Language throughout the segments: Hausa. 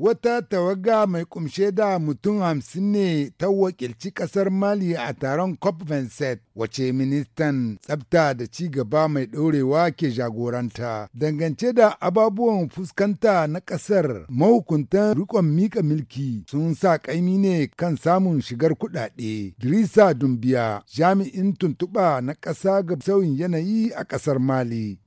wata tawaga mai kumshe da mutum hamsin ne ta wakilci ƙasar mali a taron cop vincent wace ministan tsabta da ci gaba mai ɗorewa ke jagoranta dangance da ababuwan fuskanta na ƙasar mahukuntan rikon mika milki sun sa ƙaimi ne kan samun shigar kuɗaɗe dirisa dumbiya jami'in tuntuɓa na ƙasa ga sauyin yanayi a ƙasar mali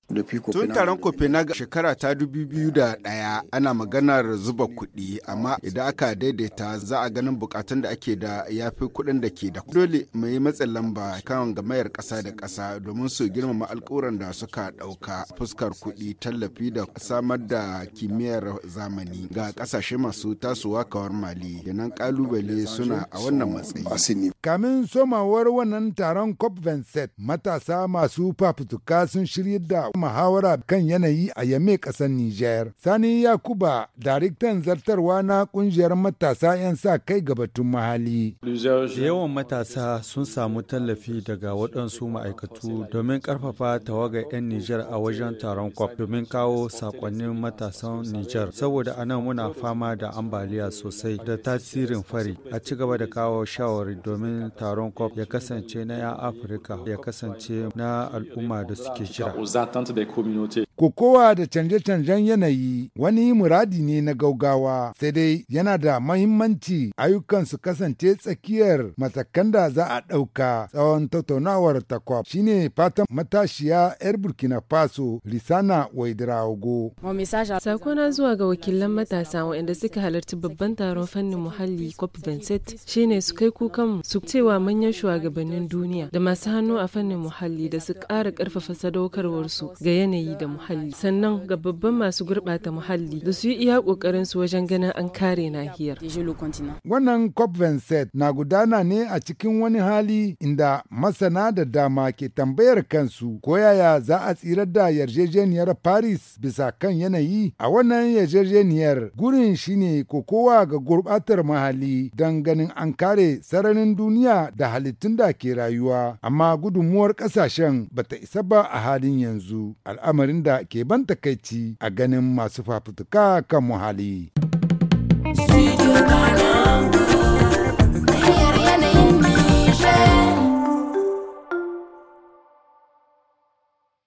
Tun taron Copenhagen shekara ta biyu da ɗaya ana maganar zuba kuɗi amma idan aka daidaita za a ganin bukatun da ake da yafi kuɗin da ke da dole mai matsin lamba kan gamayar ƙasa da ƙasa domin su girmama alƙawuran da suka ɗauka fuskar kuɗi tallafi da samar da kimiyyar zamani ga ƙasashe masu tasowa kawar Mali yanan ƙalubale suna a wannan matsayi. Kamin somawar wannan taron COP matasa masu fafutuka sun shirya da muhawara kan yanayi a Yame ƙasar Nijar. Sani Yakuba, daraktan zartarwa na ƙungiyar matasa 'yan sa kai ga batun mahali. Yawan matasa sun samu tallafi daga waɗansu ma'aikatu domin ƙarfafa tawaga 'yan Nijar a wajen taron kwaf domin kawo saƙonnin matasan Nijar. Saboda anan muna fama da ambaliya sosai da tasirin fari. A ci gaba da kawo shawari domin taron kwaf ya kasance na 'yan Afirka ya kasance na al'umma da suke jira. des communautés. Kokowa da canje-canjen yanayi wani muradi ne na gaugawa sai dai yana da mahimmanci ayyukan su kasance tsakiyar matakan da za a ɗauka tsawon tattaunawar takwab shine fatan matashiya 'yar burkina faso risana waidirago. sakona zuwa ga wakilan matasa waɗanda suka halarci babban taron fannin muhalli cop 27 shine su kai kukan su cewa manyan shugabannin duniya da masu hannu a fannin muhalli da su kara karfafa sadaukarwarsu ga yanayi da muhalli. muhalli sannan ga babban masu gurɓata muhalli da su yi iya ƙoƙarin su wajen ganin an kare nahiyar. Wannan COP na gudana ne a cikin wani hali inda masana da dama ke tambayar kansu ko yaya za a tsirar da yarjejeniyar Paris bisa kan yanayi a wannan yarjejeniyar gurin shine kokowa ga gurɓatar muhalli don ganin an kare sararin duniya da halittun da ke rayuwa amma gudunmuwar ƙasashen bata isa ba a halin yanzu al'amarin da da ke ban takaici a ganin masu fafutuka kan muhali. Studio